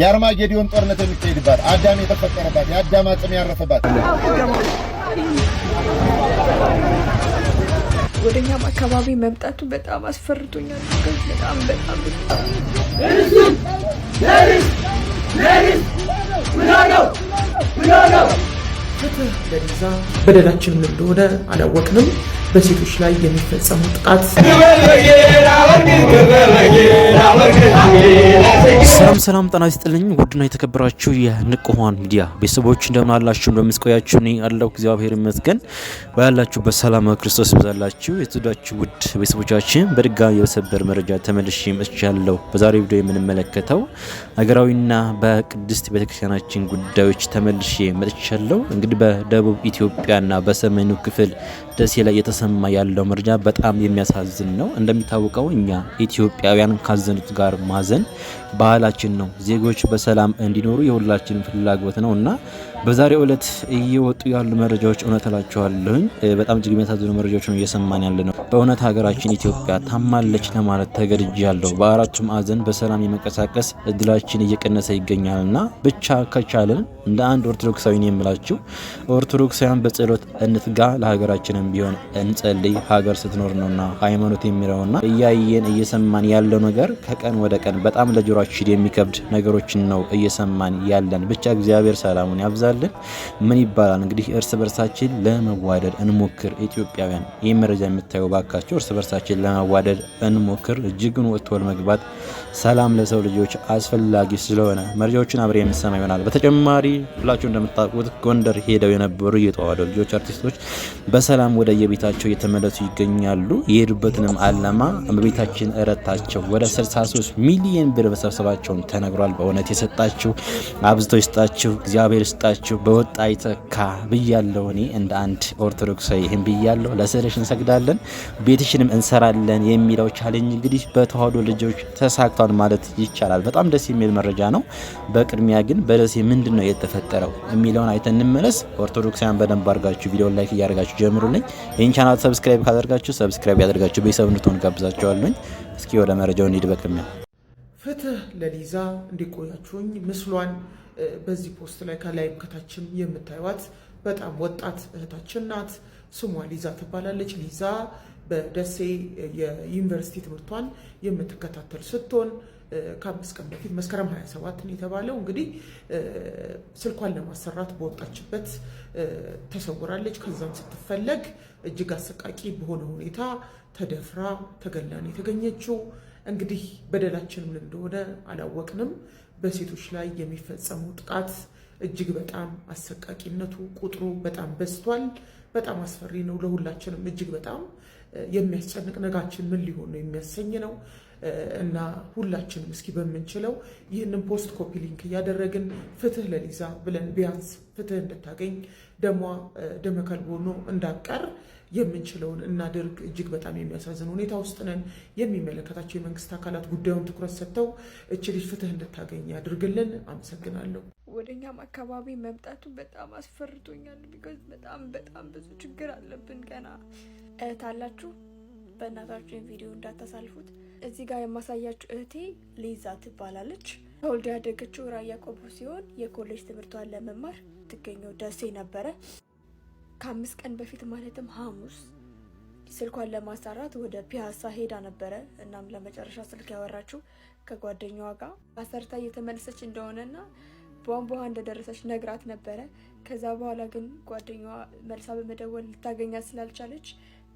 የአርማጌዲዮን ጦርነት የሚካሄድባት አዳም የተፈጠረባት የአዳም አጽም ያረፈባት ወደኛም አካባቢ መምጣቱ በጣም አስፈርቶኛል። በጣም በጣም እንደሆነ አላወቅንም። በሴቶች ላይ የሚፈጸሙ ጥቃት ሰላም ሰላም፣ ጤና ይስጥልኝ ውድና የተከበራችሁ የንቁሆን ሚዲያ ቤተሰቦች እንደምን አላችሁ? እንደምስቆያችሁ እኔ አለሁ እግዚአብሔር ይመስገን። ባላችሁበት ሰላም ክርስቶስ ይብዛላችሁ። የተወዳችሁ ውድ ቤተሰቦቻችን በድጋሚ በሰበር መረጃ ተመልሼ መጥቻለሁ። በዛሬ ቪዲዮ የምንመለከተው ሀገራዊና በቅድስት ቤተክርስቲያናችን ጉዳዮች ተመልሼ መጥቻለሁ። እንግዲህ በደቡብ ኢትዮጵያና በሰሜኑ ክፍል ደሴ ላይ የተሰ እየተሰማ ያለው መረጃ በጣም የሚያሳዝን ነው። እንደሚታወቀው እኛ ኢትዮጵያውያን ካዘኑት ጋር ማዘን ባህላችን ነው። ዜጎች በሰላም እንዲኖሩ የሁላችን ፍላጎት ነው እና በዛሬ ዕለት እየወጡ ያሉ መረጃዎች እውነት እላቸዋለሁኝ በጣም እጅግ የሚያሳዝኑ መረጃዎች ነው እየሰማን ያለ ነው። በእውነት ሀገራችን ኢትዮጵያ ታማለች ለማለት ተገድጅ ያለው በአራቱም ማዕዘን በሰላም የመንቀሳቀስ እድላችን እየቀነሰ ይገኛል እና ብቻ ከቻለን እንደ አንድ ኦርቶዶክሳዊን የምላችሁ ኦርቶዶክሳውያን በጸሎት እንትጋ፣ ለሀገራችንም ቢሆን እንጸልይ። ሀገር ስትኖር ነውና ሃይማኖት የሚለውና እያየን እየሰማን ያለው ነገር ከቀን ወደ ቀን በጣም ለጆሮችን የሚከብድ ነገሮችን ነው እየሰማን ያለን። ብቻ እግዚአብሔር ሰላሙን ያብዛል። እንችላለን። ምን ይባላል እንግዲህ እርስ በርሳችን ለመዋደድ እንሞክር ኢትዮጵያውያን። ይህ መረጃ የምታየው ባካቸው እርስ በርሳችን ለመዋደድ እንሞክር። እጅግን ወጥቶ ለመግባት ሰላም ለሰው ልጆች አስፈላጊ ስለሆነ መረጃዎችን አብሬ የምሰማ ይሆናል። በተጨማሪ ሁላችሁ እንደምታውቁት ጎንደር ሄደው የነበሩ የተዋህዶ ልጆች አርቲስቶች በሰላም ወደ የቤታቸው እየተመለሱ ይገኛሉ። የሄዱበትንም አላማ እመቤታችን እረታቸው ወደ 63 ሚሊዮን ብር መሰብሰባቸውን ተነግሯል። በእውነት የሰጣችሁ አብዝተው ይስጣችሁ፣ እግዚአብሔር ይስጣችሁ። ያላችሁ በወጣ ይተካ ብያለሁ። እኔ እንደ አንድ ኦርቶዶክሳዊ ይህን ብያለሁ። ለስዕልሽ እንሰግዳለን ቤትሽንም እንሰራለን የሚለው ቻሌንጅ እንግዲህ በተዋህዶ ልጆች ተሳክቷል ማለት ይቻላል። በጣም ደስ የሚል መረጃ ነው። በቅድሚያ ግን በደሴ ምንድን ነው የተፈጠረው የሚለውን አይተን እንመለስ። ኦርቶዶክሳውያን በደንብ አድርጋችሁ ቪዲዮ ላይክ እያደርጋችሁ ጀምሩልኝ። ይህን ቻናል ሰብስክራይብ ካደርጋችሁ ሰብስክራይብ ያደርጋችሁ ቤተሰብ እንድትሆን ጋብዛችኋለሁኝ። እስኪ ወደ መረጃው እንሂድ። በቅድሚያ ፍትህ ለሊዛ እንዲቆያችሁኝ ምስሏን በዚህ ፖስት ላይ ከላይም ከታችም የምታዩት በጣም ወጣት እህታችን ናት። ስሟ ሊዛ ትባላለች። ሊዛ በደሴ የዩኒቨርሲቲ ትምህርቷን የምትከታተል ስትሆን ከአምስት ቀን በፊት መስከረም 27 ነው የተባለው እንግዲህ ስልኳን ለማሰራት በወጣችበት ተሰውራለች። ከዛም ስትፈለግ እጅግ አሰቃቂ በሆነ ሁኔታ ተደፍራ ተገላን የተገኘችው። እንግዲህ በደላችን ምን እንደሆነ አላወቅንም። በሴቶች ላይ የሚፈጸሙ ጥቃት እጅግ በጣም አሰቃቂነቱ ቁጥሩ በጣም በዝቷል። በጣም አስፈሪ ነው ለሁላችንም። እጅግ በጣም የሚያስጨንቅ ነጋችን ምን ሊሆን ነው የሚያሰኝ ነው እና ሁላችንም እስኪ በምንችለው ይህንን ፖስት ኮፒ ሊንክ እያደረግን ፍትህ ለሊዛ ብለን ቢያንስ ፍትህ እንድታገኝ ደሟ ደመ ሆኖ እንዳቀር የምንችለውን እናድርግ። እጅግ በጣም የሚያሳዝን ሁኔታ ውስጥ ነን። የሚመለከታቸው የመንግስት አካላት ጉዳዩን ትኩረት ሰጥተው እች ልጅ ፍትህ እንድታገኝ ያድርግልን። አመሰግናለሁ። ወደኛም አካባቢ መምጣቱ በጣም አስፈርቶኛል። ቢኮዝ በጣም በጣም ብዙ ችግር አለብን። ገና እህት አላችሁ፣ በእናታችሁ ቪዲዮ እንዳታሳልፉት። እዚህ ጋር የማሳያችሁ እህቴ ሊዛ ትባላለች። ተወልዳ ያደገችው ራያ ቆቦ ሲሆን የኮሌጅ ትምህርቷን ለመማር ትገኘው ደሴ ነበረ። ከአምስት ቀን በፊት ማለትም ሐሙስ ስልኳን ለማሰራት ወደ ፒያሳ ሄዳ ነበረ። እናም ለመጨረሻ ስልክ ያወራችው ከጓደኛዋ ጋር አሰርታ እየተመለሰች እንደሆነና ቧንቧ እንደደረሰች ነግራት ነበረ። ከዛ በኋላ ግን ጓደኛዋ መልሳ በመደወል ልታገኛት ስላልቻለች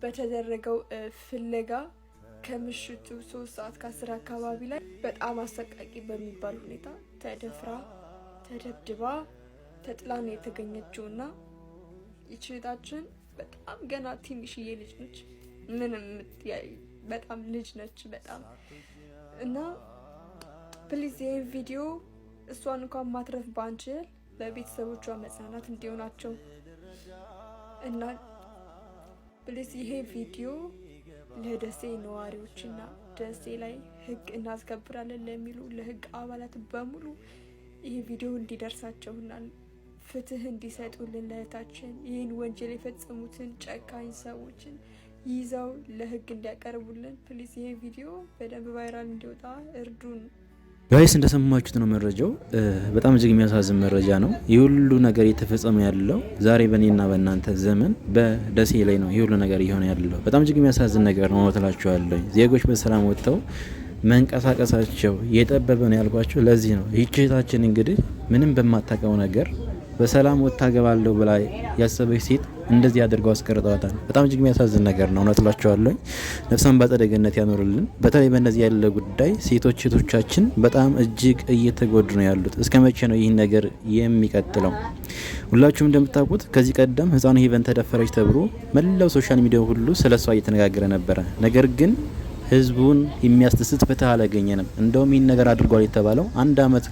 በተደረገው ፍለጋ ከምሽቱ ሶስት ሰዓት ከአስር አካባቢ ላይ በጣም አሰቃቂ በሚባል ሁኔታ ተደፍራ ተደብድባ ተጥላ ነው የተገኘችው እና ይችታችን በጣም ገና ትንሽዬ ልጅ ነች። ምንም በጣም ልጅ ነች በጣም እና ፕሊዝ ይህን ቪዲዮ እሷን እንኳን ማትረፍ ባንችል ለቤተሰቦቿ መጽናናት እንዲሆናቸው እና ፕሊዝ ይሄ ቪዲዮ ለደሴ ነዋሪዎችና ደሴ ላይ ህግ እናስከብራለን ለሚሉ ለህግ አባላት በሙሉ ይሄ ቪዲዮ እንዲደርሳቸውናል። ፍትህ እንዲሰጡልን ለእህታችን ይህን ወንጀል የፈጸሙትን ጨካኝ ሰዎችን ይዘው ለህግ እንዲያቀርቡልን ፕሊዝ። ይሄ ቪዲዮ በደንብ ቫይራል እንዲወጣ እርዱን። ጋይስ እንደሰማችሁት ነው መረጃው። በጣም እጅግ የሚያሳዝን መረጃ ነው። ይህ ሁሉ ነገር እየተፈጸመ ያለው ዛሬ በእኔና በእናንተ ዘመን በደሴ ላይ ነው። ይህ ሁሉ ነገር እየሆነ ያለው በጣም እጅግ የሚያሳዝን ነገር ነው። እላችኋለሁ ዜጎች በሰላም ወጥተው መንቀሳቀሳቸው የጠበበ ነው ያልኳቸው ለዚህ ነው። ይህች እንግዲህ ምንም በማታውቀው ነገር በሰላም ወጥታ ገባለሁ ብላ ያሰበች ሴት እንደዚህ አድርገው አስቀርጠዋታል። በጣም እጅግ የሚያሳዝን ነገር ነው። እውነት ሏቸዋለኝ። ነፍሳን በአጸደ ገነት ያኖርልን። በተለይ በእነዚህ ያለ ጉዳይ ሴቶች ሴቶቻችን በጣም እጅግ እየተጎዱ ነው ያሉት። እስከ መቼ ነው ይህን ነገር የሚቀጥለው? ሁላችሁም እንደምታውቁት ከዚህ ቀደም ህፃኑ ሄቨን ተደፈረች ተብሎ መላው ሶሻል ሚዲያ ሁሉ ስለ እሷ እየተነጋገረ ነበረ። ነገር ግን ህዝቡን የሚያስደስት ፍትህ አላገኘንም። እንደውም ይህን ነገር አድርጓል የተባለው አንድ አመት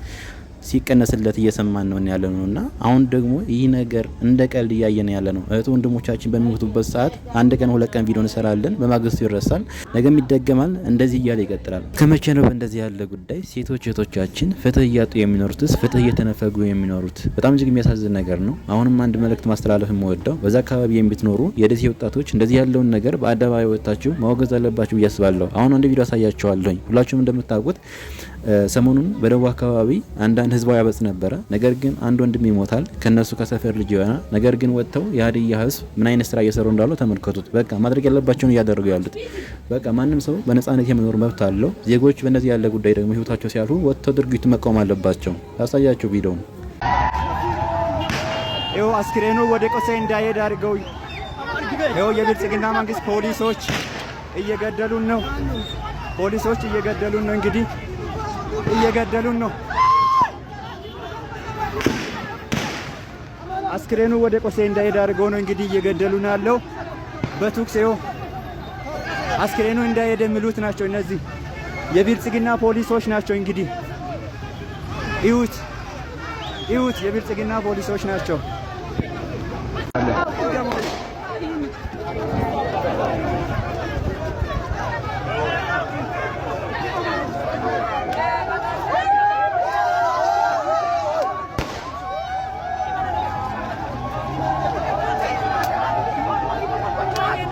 ሲቀነስለት እየሰማን ነው ያለ ነው እና አሁን ደግሞ ይህ ነገር እንደ ቀልድ እያየን ያለ ነው። እህት ወንድሞቻችን በሚሞቱበት ሰዓት አንድ ቀን ሁለት ቀን ቪዲዮ እንሰራለን፣ በማግስቱ ይረሳል፣ ነገም ይደገማል፣ እንደዚህ እያለ ይቀጥላል። ከመቼ ነው በእንደዚህ ያለ ጉዳይ ሴቶች እህቶቻችን ፍትህ እያጡ የሚኖሩትስ ፍትህ እየተነፈጉ የሚኖሩት? በጣም እጅግ የሚያሳዝን ነገር ነው። አሁንም አንድ መልእክት ማስተላለፍ የምወደው በዛ አካባቢ የምትኖሩ የደሴ ወጣቶች እንደዚህ ያለውን ነገር በአደባባይ ወጥታችሁ ማወገዝ አለባችሁ ብዬ አስባለሁ። አሁን አንድ ቪዲዮ አሳያችኋለሁኝ ሁላችሁም እንደምታውቁት ሰሞኑን በደቡብ አካባቢ አንዳንድ ህዝባዊ አበጽ ነበረ። ነገር ግን አንድ ወንድም ይሞታል፣ ከነሱ ከሰፈር ልጅ ይሆናል። ነገር ግን ወጥተው የሀዲያ ህዝብ ምን አይነት ስራ እየሰሩ እንዳሉ ተመልከቱት። በቃ ማድረግ ያለባቸውን እያደረጉ ያሉት። በቃ ማንም ሰው በነጻነት የመኖር መብት አለው። ዜጎች በእነዚህ ያለ ጉዳይ ደግሞ ህይወታቸው ሲያልፉ ወጥተው ድርጊቱ መቃወም አለባቸው። ያሳያቸው ቪዲዮውን ይኸው። አስክሬኑ ወደ ቆሴ እንዳይሄድ አድርገው ይኸው የብልጽግና መንግስት ፖሊሶች እየገደሉን ነው። ፖሊሶች እየገደሉን ነው እንግዲህ እየገደሉን ነው። አስክሬኑ ወደ ቆሴ እንዳይሄድ አድርገው ነው እንግዲህ እየገደሉን ያለው በቱክሴው አስክሬኑ እንዳይሄድ የሚሉት ናቸው። እነዚህ የብልጽግና ፖሊሶች ናቸው። እንግዲህ እዩት፣ እዩት፣ የብልጽግና ፖሊሶች ናቸው።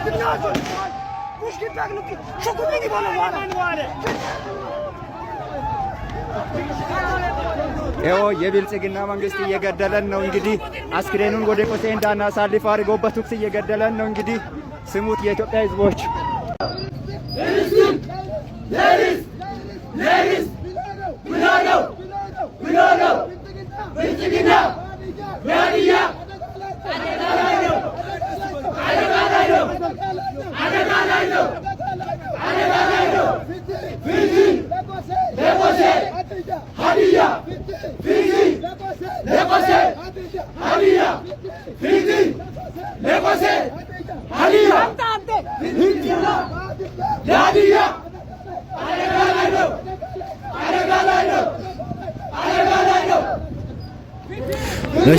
ይኸው የብልጽግና መንግስት እየገደለን ነው እንግዲህ አስክሬኑን ወደ ቆሴ እንዳናሳልፍ አድርጎበት እየገደለን ነው እንግዲህ ስሙት የኢትዮጵያ ህዝቦች Hadija, Hadija, Fiji, Lepase, Hadija, Fiji, Lepase, Hadija, Hadija, Hadija,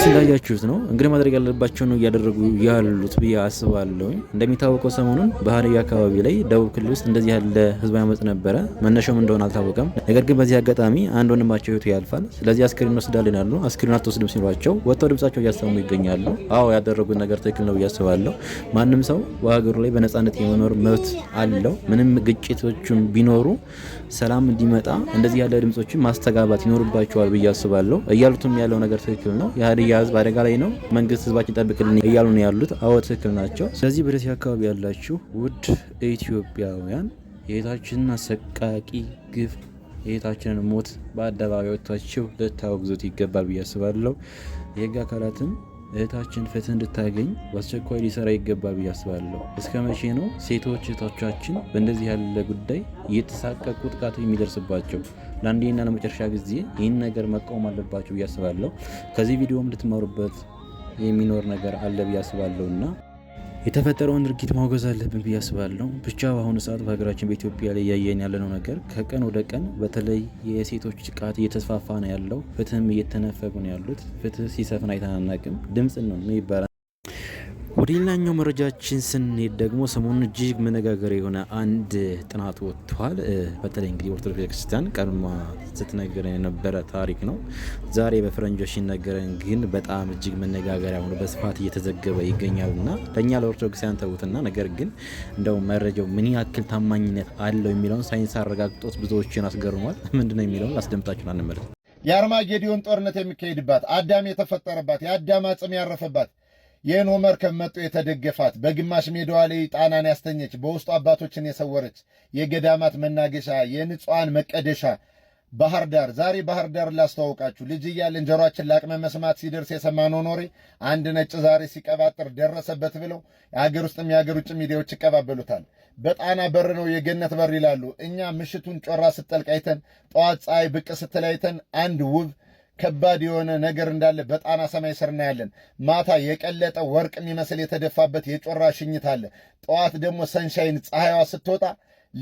እንግዲህ እንዳያችሁት ነው እንግዲህ ማድረግ ያለባቸው ነው እያደረጉ ያሉት ብዬ አስባለሁ። እንደሚታወቀው ሰሞኑን በሀዲያ አካባቢ ላይ ደቡብ ክልል ውስጥ እንደዚህ ያለ ህዝባዊ አመፅ ነበረ። መነሻውም እንደሆነ አልታወቀም። ነገር ግን በዚህ አጋጣሚ አንድ ወንድማቸው ህይወቱ ያልፋል። ስለዚህ አስክሬን እንወስዳለን ይላሉ። አስክሬን አትወስድም ሲሏቸው ወጥተው ድምጻቸው እያሰሙ ይገኛሉ። አዎ ያደረጉት ነገር ትክክል ነው ብዬ አስባለሁ። ማንም ሰው በሀገሩ ላይ በነጻነት የመኖር መብት አለው። ምንም ግጭቶችም ቢኖሩ ሰላም እንዲመጣ እንደዚህ ያለ ድምጾችን ማስተጋባት ይኖርባቸዋል ብዬ አስባለሁ። እያሉትም ያለው ነገር ትክክል ነው። የሀዲያ የኢትዮጵያ አደጋ ላይ ነው። መንግስት ህዝባችን ጠብቅልን እያሉ ነው ያሉት። አዎ ትክክል ናቸው። ስለዚህ በደሴ አካባቢ ያላችሁ ውድ ኢትዮጵያውያን የእህታችንን አሰቃቂ ግፍ የእህታችንን ሞት በአደባባይ ወጥታችሁ ልታወግዙት ይገባል ብዬ አስባለሁ። የህግ አካላትም እህታችን ፍትህ እንድታገኝ በአስቸኳይ ሊሰራ ይገባ ብዬ አስባለሁ። እስከ መቼ ነው ሴቶች እህቶቻችን በእንደዚህ ያለ ጉዳይ እየተሳቀቁ ጥቃት የሚደርስባቸው? ለአንዴና ለመጨረሻ ጊዜ ይህን ነገር መቃወም አለባቸው ብዬ አስባለሁ። ከዚህ ቪዲዮም ልትማሩበት የሚኖር ነገር አለ ብዬ አስባለሁ እና የተፈጠረውን ድርጊት ማውገዝ አለብን ብዬ አስባለሁ። ብቻ በአሁኑ ሰዓት በሀገራችን በኢትዮጵያ ላይ እያየን ያለነው ነገር ከቀን ወደ ቀን በተለይ የሴቶች ጥቃት እየተስፋፋ ነው ያለው። ፍትህም እየተነፈጉ ነው ያሉት። ፍትህ ሲሰፍን አይተናናቅም። ድምፅ ነው ይባላል። ወደ ሌላኛው መረጃችን ስንሄድ ደግሞ ሰሞኑን እጅግ መነጋገሪያ የሆነ አንድ ጥናት ወጥቷል። በተለይ እንግዲህ ኦርቶዶክስ ቤተክርስቲያን ቀድማ ስትነገረ የነበረ ታሪክ ነው። ዛሬ በፈረንጆች ሲነገረን ግን በጣም እጅግ መነጋገሪያ ሆኖ በስፋት እየተዘገበ ይገኛል እና ለእኛ ለኦርቶዶክሳውያን ተዉትና፣ ነገር ግን እንደው መረጃው ምን ያክል ታማኝነት አለው የሚለውን ሳይንስ አረጋግጦት ብዙዎችን አስገርሟል። ምንድነው የሚለውን አስደምጣችሁን አንመለስ። የአርማጌዲዮን ጦርነት የሚካሄድባት አዳም የተፈጠረባት የአዳም አጽም ያረፈባት ይህን መርከብ ከመጡ የተደገፋት በግማሽ ሜዳዋ ላይ ጣናን ያስተኘች በውስጡ አባቶችን የሰወረች የገዳማት መናገሻ የንጹሐን መቀደሻ ባህር ዳር። ዛሬ ባህር ዳር ላስተዋውቃችሁ። ልጅ እያለን ጆሯችን ለአቅመ መስማት ሲደርስ የሰማነው ኖሬ አንድ ነጭ ዛሬ ሲቀባጥር ደረሰበት ብለው የአገር ውስጥም የአገር ውጭ ሚዲያዎች ይቀባበሉታል። በጣና በር ነው የገነት በር ይላሉ። እኛ ምሽቱን ጮራ ስጠልቅ አይተን ጠዋት ፀሐይ ብቅ ስትል አይተን አንድ ውብ ከባድ የሆነ ነገር እንዳለ በጣና ሰማይ ስር እናያለን። ማታ የቀለጠ ወርቅ የሚመስል የተደፋበት የጮራ ሽኝት አለ። ጠዋት ደግሞ ሰንሻይን ፀሐይዋ ስትወጣ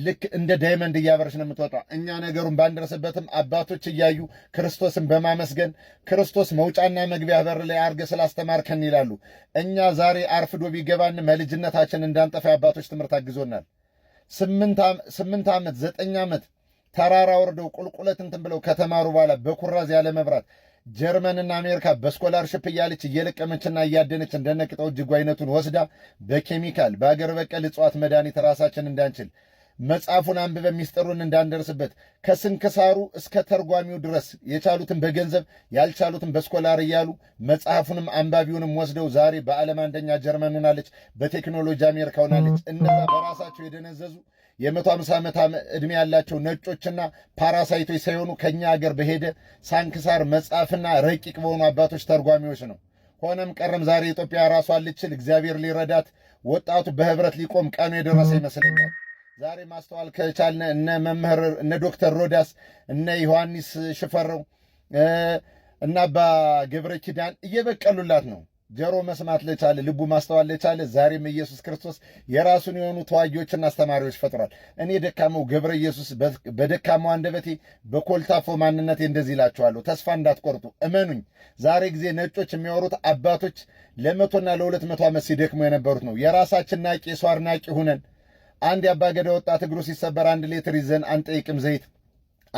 ልክ እንደ ዳይመንድ እያበረች ነው የምትወጣ። እኛ ነገሩን ባንደረስበትም አባቶች እያዩ ክርስቶስን በማመስገን ክርስቶስ መውጫና መግቢያ በር ላይ አድርገህ ስላስተማርከን ይላሉ። እኛ ዛሬ አርፍዶ ቢገባን መልጅነታችን እንዳንጠፋ አባቶች ትምህርት አግዞናል። ስምንት ዓመት ዘጠኝ ዓመት ተራራ ወርደው ቁልቁለት እንትን ብለው ከተማሩ በኋላ በኩራዝ ያለ መብራት ጀርመንና አሜሪካ በስኮላርሽፕ እያለች እየለቀመችና እያደነች እንደነቅጠው እጅጉ አይነቱን ወስዳ በኬሚካል በአገር በቀል እጽዋት መድኃኒት ራሳችን እንዳንችል መጽሐፉን አንብበ ሚስጥሩን እንዳንደርስበት ከስንክሳሩ እስከ ተርጓሚው ድረስ የቻሉትን በገንዘብ ያልቻሉትን በስኮላር እያሉ መጽሐፉንም አንባቢውንም ወስደው ዛሬ በዓለም አንደኛ ጀርመን ሆናለች፣ በቴክኖሎጂ አሜሪካ ሆናለች። እነዛ በራሳቸው የደነዘዙ የመቶ 150 ዓመት ዕድሜ ያላቸው ነጮችና ፓራሳይቶች ሳይሆኑ ከእኛ አገር በሄደ ሳንክሳር መጽሐፍና ረቂቅ በሆኑ አባቶች ተርጓሚዎች ነው። ሆነም ቀረም ዛሬ ኢትዮጵያ ራሷን ልችል እግዚአብሔር ሊረዳት ወጣቱ በህብረት ሊቆም ቀኑ የደረሰ ይመስለኛል። ዛሬ ማስተዋል ከቻልነ እነ መምህር እነ ዶክተር ሮዳስ እነ ዮሐንስ ሽፈረው እና አባ ገብረ ኪዳን እየበቀሉላት ነው። ጆሮ መስማት ለቻለ ልቡ ማስተዋል ለቻለ ዛሬም ኢየሱስ ክርስቶስ የራሱን የሆኑ ተዋጊዎችና አስተማሪዎች ፈጥሯል። እኔ ደካማው ገብረ ኢየሱስ በደካማው አንደበቴ በኮልታፎ ማንነቴ እንደዚህ ይላችኋለሁ፣ ተስፋ እንዳትቆርጡ እመኑኝ። ዛሬ ጊዜ ነጮች የሚያወሩት አባቶች ለመቶና ለሁለት መቶ ዓመት ሲደክሙ የነበሩት ነው። የራሳችን ናቂ የሰው ናቂ ሁነን አንድ የአባገዳ ወጣት እግሩ ሲሰበር አንድ ሌትር ይዘን አንጠይቅም ዘይት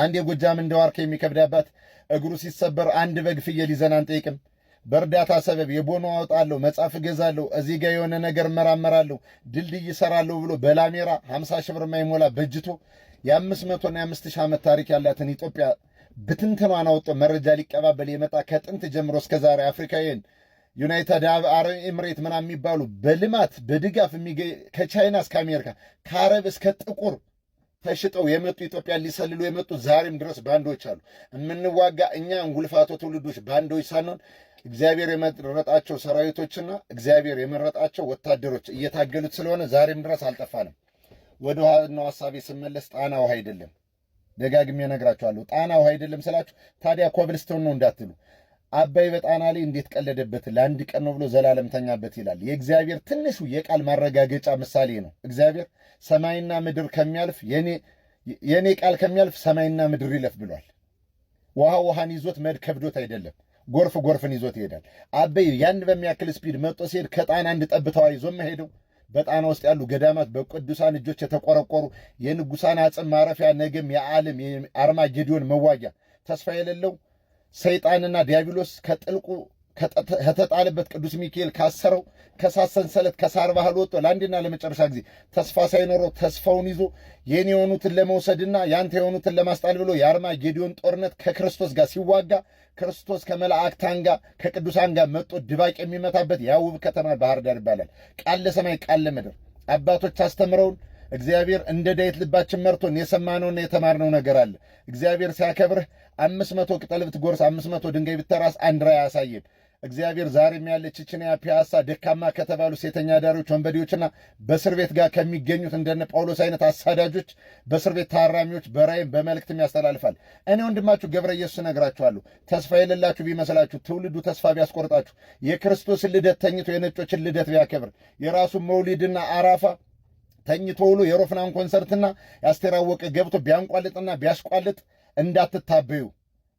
አንድ የጎጃም እንደ ዋርካ የሚከብድ አባት እግሩ ሲሰበር አንድ በግ ፍየል ይዘን አንጠይቅም። በእርዳታ ሰበብ የቦኖ አወጣለሁ፣ መጽሐፍ እገዛለሁ፣ እዚህ ጋር የሆነ ነገር መራመራለሁ፣ ድልድይ ይሰራለሁ ብሎ በላሜራ ሀምሳ ሺህ ብር የማይሞላ በጅቶ የ500 እና ሺህ ዓመት ታሪክ ያላትን ኢትዮጵያ ብትንትኗን አውጦ መረጃ ሊቀባበል የመጣ ከጥንት ጀምሮ እስከ ዛሬ አፍሪካውያን ዩናይትድ አረብ ኤምሬት ምናምን የሚባሉ በልማት በድጋፍ ከቻይና እስከ አሜሪካ ከአረብ እስከ ጥቁር ተሽጠው የመጡ ኢትዮጵያን ሊሰልሉ የመጡ ዛሬም ድረስ ባንዶች አሉ። የምንዋጋ እኛ እንጉልፋቶ ትውልዶች ባንዶች ሳንሆን እግዚአብሔር የመረጣቸው ሰራዊቶችና እግዚአብሔር የመረጣቸው ወታደሮች እየታገሉት ስለሆነ ዛሬም ድረስ አልጠፋንም። ወደ ዋናው ሀሳቤ ስመለስ ጣና ውሃ አይደለም፣ ደጋግሜ እነግራችኋለሁ። ጣና ውሃ አይደለም ስላችሁ ታዲያ ኮብልስቶን ነው እንዳትሉ አባይ በጣና ላይ እንዴት ቀለደበት ለአንድ ቀን ነው ብሎ ዘላለም ተኛበት ይላል። የእግዚአብሔር ትንሹ የቃል ማረጋገጫ ምሳሌ ነው። እግዚአብሔር ሰማይና ምድር ከሚያልፍ የእኔ ቃል ከሚያልፍ ሰማይና ምድር ይለፍ ብሏል። ውሃ ውሃን ይዞት መድ ከብዶት አይደለም፣ ጎርፍ ጎርፍን ይዞት ይሄዳል። አባይ ያን በሚያክል ስፒድ መጦ ሲሄድ ከጣና አንድ ጠብታዋ ይዞ መሄደው በጣና ውስጥ ያሉ ገዳማት በቅዱሳን እጆች የተቆረቆሩ የንጉሳን አጽም ማረፊያ ነገም የዓለም አርማጌዲዮን መዋጊያ ተስፋ የሌለው ሰይጣንና ዲያብሎስ ከጥልቁ ከተጣለበት ቅዱስ ሚካኤል ካሰረው ከሳት ሰንሰለት ከሳር ባህል ወጥቶ ለአንድና ለመጨረሻ ጊዜ ተስፋ ሳይኖረው ተስፋውን ይዞ የኔ የሆኑትን ለመውሰድና ያንተ የሆኑትን ለማስጣል ብሎ የአርማ ጌዲዮን ጦርነት ከክርስቶስ ጋር ሲዋጋ ክርስቶስ ከመላእክታን ጋር ከቅዱሳን ጋር መጦ ድባቅ የሚመታበት ያ ከተማ ባህር ዳር ይባላል። ቃል ለሰማይ ቃል ለምድር አባቶች አስተምረውን እግዚአብሔር እንደ ዳዊት ልባችን መርቶን የሰማነውና የተማርነው ነገር አለ። እግዚአብሔር ሲያከብርህ አምስት መቶ ቅጠል ብትጎርስ አምስት መቶ ድንጋይ ብትራስ አንድ ራእይ አያሳይም። እግዚአብሔር ዛሬም ያለ ችችንያ ፒያሳ ደካማ ከተባሉ ሴተኛ ዳሪዎች ወንበዴዎችና በእስር ቤት ጋር ከሚገኙት እንደነ ጳውሎስ አይነት አሳዳጆች በእስር ቤት ታራሚዎች በራይም በመልእክትም ያስተላልፋል። እኔ ወንድማችሁ ገብረ ኢየሱስ እነግራችኋለሁ። ተስፋ የሌላችሁ ቢመስላችሁ ትውልዱ ተስፋ ቢያስቆርጣችሁ የክርስቶስን ልደት ተኝቶ የነጮችን ልደት ቢያከብር የራሱን መውሊድና አራፋ ተኝቶ ውሎ የሮፍናን ኮንሰርትና ያስተራወቀ ገብቶ ቢያንቋልጥና ቢያሽቋልጥ እንዳትታበዩ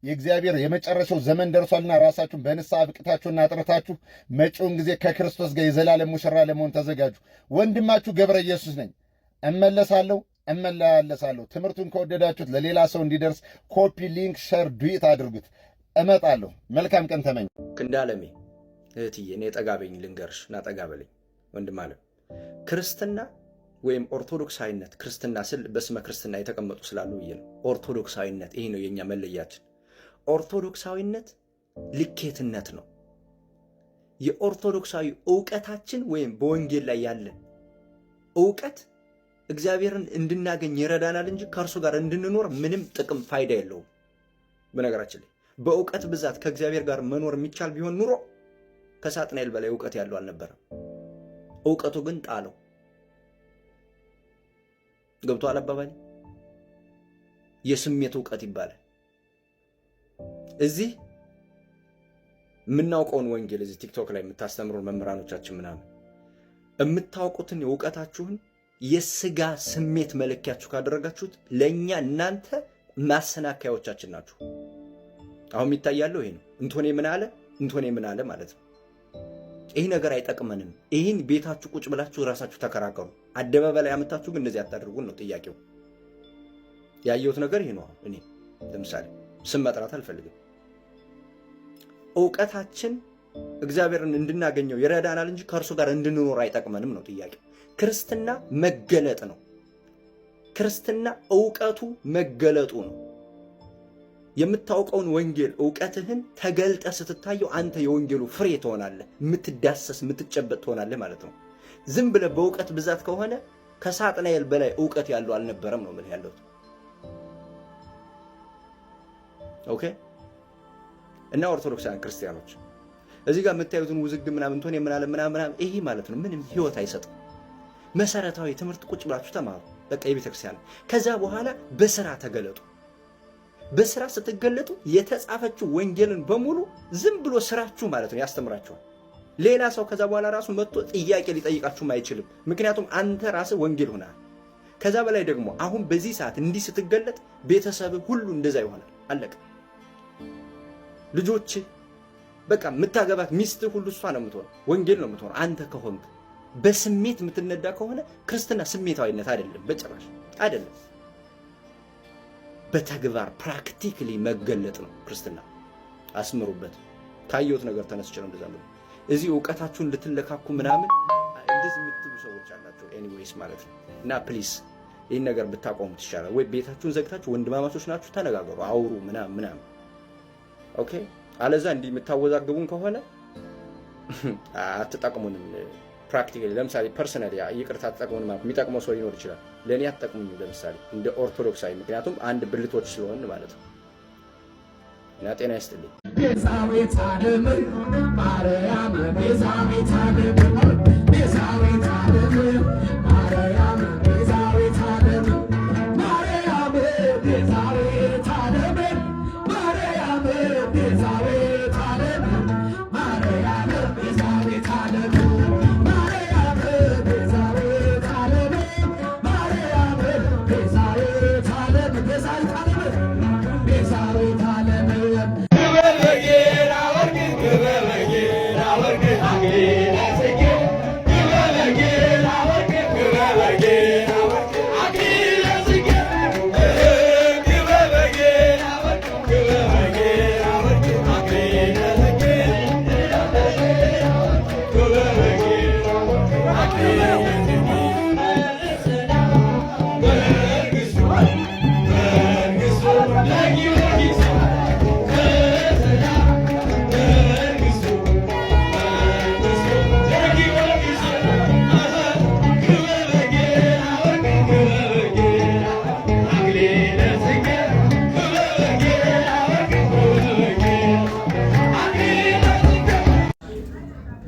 የእግዚአብሔር የመጨረሻው ዘመን ደርሷልና ራሳችሁን በንስሐ አብቅታችሁና አጥርታችሁ መጪውን ጊዜ ከክርስቶስ ጋር የዘላለም ሙሽራ ለመሆን ተዘጋጁ። ወንድማችሁ ገብረ ኢየሱስ ነኝ። እመለሳለሁ እመላለሳለሁ። ትምህርቱን ከወደዳችሁት ለሌላ ሰው እንዲደርስ ኮፒ፣ ሊንክ፣ ሸር፣ ዱት አድርጉት። እመጣለሁ። መልካም ቀን ተመኝ። ክንዳለሜ እህትዬ፣ እኔ ጠጋበኝ ልንገርሽ፣ ናጠጋበለኝ ወንድም አለ ክርስትና ወይም ኦርቶዶክሳዊነት ክርስትና ስል በስመ ክርስትና የተቀመጡ ስላሉ ብዬ ነው። ኦርቶዶክሳዊነት ይሄ ነው የእኛ መለያችን። ኦርቶዶክሳዊነት ልኬትነት ነው። የኦርቶዶክሳዊ እውቀታችን ወይም በወንጌል ላይ ያለን እውቀት እግዚአብሔርን እንድናገኝ ይረዳናል እንጂ ከእርሱ ጋር እንድንኖር ምንም ጥቅም ፋይዳ የለውም። በነገራችን ላይ በእውቀት ብዛት ከእግዚአብሔር ጋር መኖር የሚቻል ቢሆን ኑሮ ከሳጥናኤል በላይ እውቀት ያለው አልነበረም። እውቀቱ ግን ጣለው። ገብቷል አባባሌ? የስሜት እውቀት ይባላል። እዚህ የምናውቀውን ወንጌል እዚህ ቲክቶክ ላይ የምታስተምሩን መምህራኖቻችን ምናምን የምታውቁትን እውቀታችሁን የስጋ ስሜት መለኪያችሁ ካደረጋችሁት ለእኛ እናንተ ማሰናካዮቻችን ናችሁ። አሁን የሚታያለው ይሄ ነው። እንቶኔ ምን አለ እንቶኔ ምን አለ ማለት ነው። ይህ ነገር አይጠቅመንም። ይህን ቤታችሁ ቁጭ ብላችሁ ራሳችሁ ተከራከሩ። አደባባይ ላይ አመታችሁ ግን እንደዚህ አታድርጉን ነው ጥያቄው። ያየሁት ነገር ይህ ነው። እኔ ለምሳሌ ስም መጥራት አልፈልግም። እውቀታችን እግዚአብሔርን እንድናገኘው ይረዳናል እንጂ ከእርሱ ጋር እንድንኖር አይጠቅመንም ነው ጥያቄው። ክርስትና መገለጥ ነው። ክርስትና እውቀቱ መገለጡ ነው። የምታውቀውን ወንጌል እውቀትህን ተገልጠ ስትታየው አንተ የወንጌሉ ፍሬ ትሆናለህ። የምትዳሰስ የምትጨበጥ ትሆናለህ ማለት ነው። ዝም ብለህ በእውቀት ብዛት ከሆነ ከሳጥናኤል በላይ እውቀት ያለው አልነበረም ነው ምን ያለው። ኦኬ እና ኦርቶዶክሳን ክርስቲያኖች እዚህ ጋር የምታዩትን ውዝግብ ምናምን ትሆን የምናለ ምናምን ይሄ ማለት ነው ምንም ህይወት አይሰጥም። መሰረታዊ ትምህርት ቁጭ ብላችሁ ተማሩ፣ በቃ የቤተ ክርስቲያን። ከዛ በኋላ በስራ ተገለጡ። በስራ ስትገለጡ የተጻፈችው ወንጌልን በሙሉ ዝም ብሎ ስራችሁ ማለት ነው ያስተምራችኋል። ሌላ ሰው ከዛ በኋላ ራሱ መጥቶ ጥያቄ ሊጠይቃችሁም አይችልም። ምክንያቱም አንተ ራስ ወንጌል ሆናል። ከዛ በላይ ደግሞ አሁን በዚህ ሰዓት እንዲህ ስትገለጥ ቤተሰብ ሁሉ እንደዛ ይሆናል። አለቀ። ልጆች በቃ የምታገባት ሚስት ሁሉ እሷ ነው የምትሆነው። ወንጌል ነው የምትሆነው አንተ ከሆንክ። በስሜት የምትነዳ ከሆነ ክርስትና ስሜታዊነት አይደለም፣ በጭራሽ አይደለም። በተግባር ፕራክቲክሊ መገለጥ ነው ክርስትና። አስምሩበት። ካየሁት ነገር ተነስቼ ነው እንደዛ እዚህ እውቀታችሁ እንድትለካኩ ምናምን እንደዚህ የምትሉ ሰዎች አላቸው። ኤኒዌይስ ማለት ነው እና ፕሊስ ይህን ነገር ብታቆሙት ይሻላል። ወይ ቤታችሁን ዘግታችሁ ወንድማማቾች ናችሁ፣ ተነጋገሩ፣ አውሩ ምናምን ምናምን። ኦኬ አለዛ እንዲህ የምታወዛግቡን ከሆነ አትጠቅሙንም። ፕራክቲካሊ ለምሳሌ ፐርሰናል ይቅርታ አትጠቅሙን ማለት የሚጠቅመው ሰው ሊኖር ይችላል። ለእኔ አትጠቅሙኝ ለምሳሌ እንደ ኦርቶዶክሳዊ፣ ምክንያቱም አንድ ብልቶች ስለሆን ማለት ነው። እና ጤና ይስጥልኝ። ቤዛዊት ዓለም ማርያም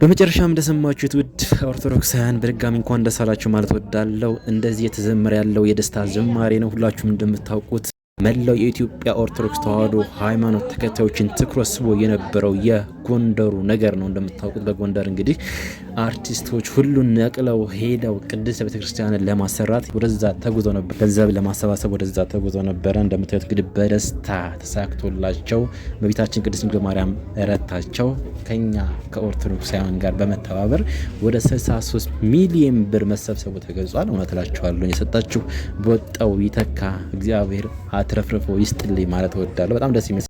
በመጨረሻም እንደሰማችሁት ውድ ኦርቶዶክሳውያን በድጋሚ እንኳን ደስ አላችሁ ማለት ወዳለው እንደዚህ የተዘመረ ያለው የደስታ ዝማሬ ነው። ሁላችሁም እንደምታውቁት መላው የኢትዮጵያ ኦርቶዶክስ ተዋህዶ ሃይማኖት ተከታዮችን ትኩረት ስቦ የነበረው የ የጎንደሩ ነገር ነው። እንደምታውቁት በጎንደር እንግዲህ አርቲስቶች ሁሉን ነቅለው ሄደው ቅድስት ቤተክርስቲያንን ለማሰራት ወደዛ ተጉዞ ነበር። ገንዘብ ለማሰባሰብ ወደዛ ተጉዞ ነበረ። እንደምታዩት እንግዲህ በደስታ ተሳክቶላቸው በቤታችን ቅድስት ድንግል ማርያም ረታቸው ከኛ ከኦርቶዶክሳውያን ጋር በመተባበር ወደ 63 ሚሊዮን ብር መሰብሰቡ ተገልጿል። እውነት እላችኋለሁ የሰጣችሁ በወጣው ይተካ እግዚአብሔር አትረፍርፎ ይስጥልኝ ማለት እወዳለሁ። በጣም ደስ